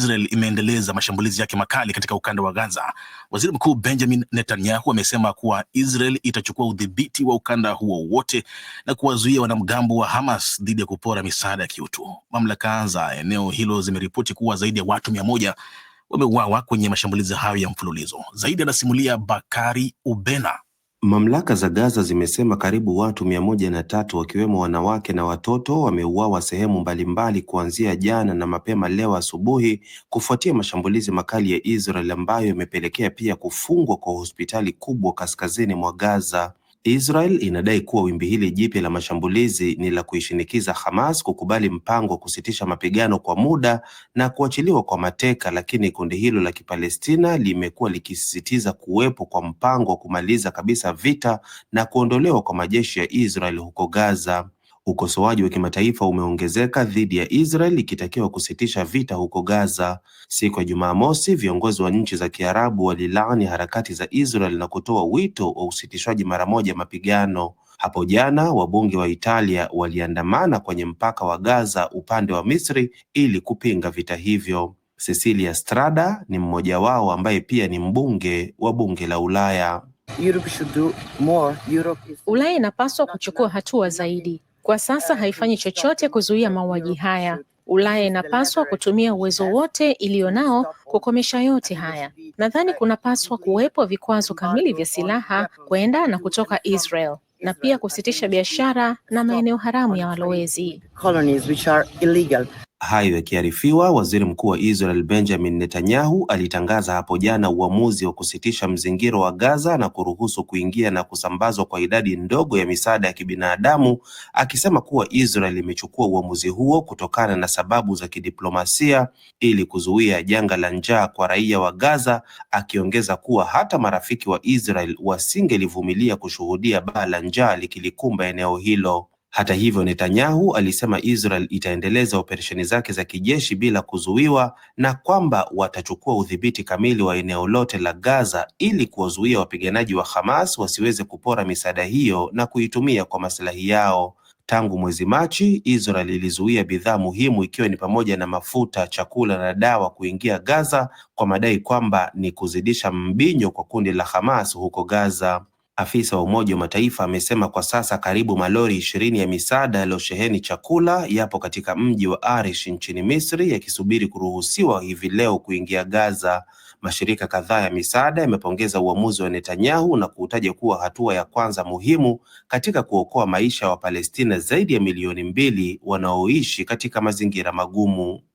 Israel imeendeleza mashambulizi yake makali katika ukanda wa Gaza. Waziri Mkuu Benjamin Netanyahu amesema kuwa Israel itachukua udhibiti wa ukanda huo wote na kuwazuia wanamgambo wa Hamas dhidi ya kupora misaada ya kiutu. Mamlaka za eneo hilo zimeripoti kuwa zaidi ya watu mia moja wameuawa kwenye mashambulizi hayo ya mfululizo. Zaidi anasimulia Bakari Ubena. Mamlaka za Gaza zimesema karibu watu mia moja na tatu wakiwemo wanawake na watoto wameuawa sehemu mbalimbali kuanzia jana na mapema leo asubuhi kufuatia mashambulizi makali ya Israel ambayo yamepelekea pia kufungwa kwa hospitali kubwa kaskazini mwa Gaza. Israel inadai kuwa wimbi hili jipya la mashambulizi ni la kuishinikiza Hamas kukubali mpango wa kusitisha mapigano kwa muda na kuachiliwa kwa mateka, lakini kundi hilo la Kipalestina limekuwa likisisitiza kuwepo kwa mpango wa kumaliza kabisa vita na kuondolewa kwa majeshi ya Israel huko Gaza. Ukosoaji wa kimataifa umeongezeka dhidi ya Israel ikitakiwa kusitisha vita huko Gaza. Siku ya Jumamosi, viongozi wa nchi za Kiarabu walilaani harakati za Israel na kutoa wito wa usitishwaji mara moja mapigano. Hapo jana wabunge wa Italia waliandamana kwenye mpaka wa Gaza upande wa Misri ili kupinga vita hivyo. Cecilia Strada ni mmoja wao ambaye pia ni mbunge wa bunge la Ulaya. Europe should do more. Europe is... Ulaya inapaswa kuchukua hatua zaidi. Kwa sasa haifanyi chochote kuzuia mauaji haya. Ulaya inapaswa kutumia uwezo wote iliyo nao kukomesha yote haya. Nadhani kunapaswa kuwepo vikwazo kamili vya silaha kwenda na kutoka Israel na pia kusitisha biashara na maeneo haramu ya walowezi. Hayo yakiarifiwa, waziri mkuu wa Israel Benjamin Netanyahu alitangaza hapo jana uamuzi wa kusitisha mzingiro wa Gaza na kuruhusu kuingia na kusambazwa kwa idadi ndogo ya misaada ya kibinadamu, akisema kuwa Israel imechukua uamuzi huo kutokana na sababu za kidiplomasia ili kuzuia janga la njaa kwa raia wa Gaza, akiongeza kuwa hata marafiki wa Israel wasingelivumilia kushuhudia baa la njaa likilikumba eneo hilo. Hata hivyo, Netanyahu alisema Israel itaendeleza operesheni zake za kijeshi bila kuzuiwa na kwamba watachukua udhibiti kamili wa eneo lote la Gaza ili kuwazuia wapiganaji wa Hamas wasiweze kupora misaada hiyo na kuitumia kwa maslahi yao. Tangu mwezi Machi, Israel ilizuia bidhaa muhimu ikiwa ni pamoja na mafuta, chakula na dawa kuingia Gaza kwa madai kwamba ni kuzidisha mbinyo kwa kundi la Hamas huko Gaza. Afisa wa Umoja wa Mataifa amesema kwa sasa karibu malori ishirini ya misaada yaliyosheheni chakula yapo katika mji wa Arish nchini Misri yakisubiri kuruhusiwa hivi leo kuingia Gaza. Mashirika kadhaa ya misaada yamepongeza uamuzi wa Netanyahu na kuutaja kuwa hatua ya kwanza muhimu katika kuokoa maisha ya Wapalestina zaidi ya milioni mbili wanaoishi katika mazingira magumu.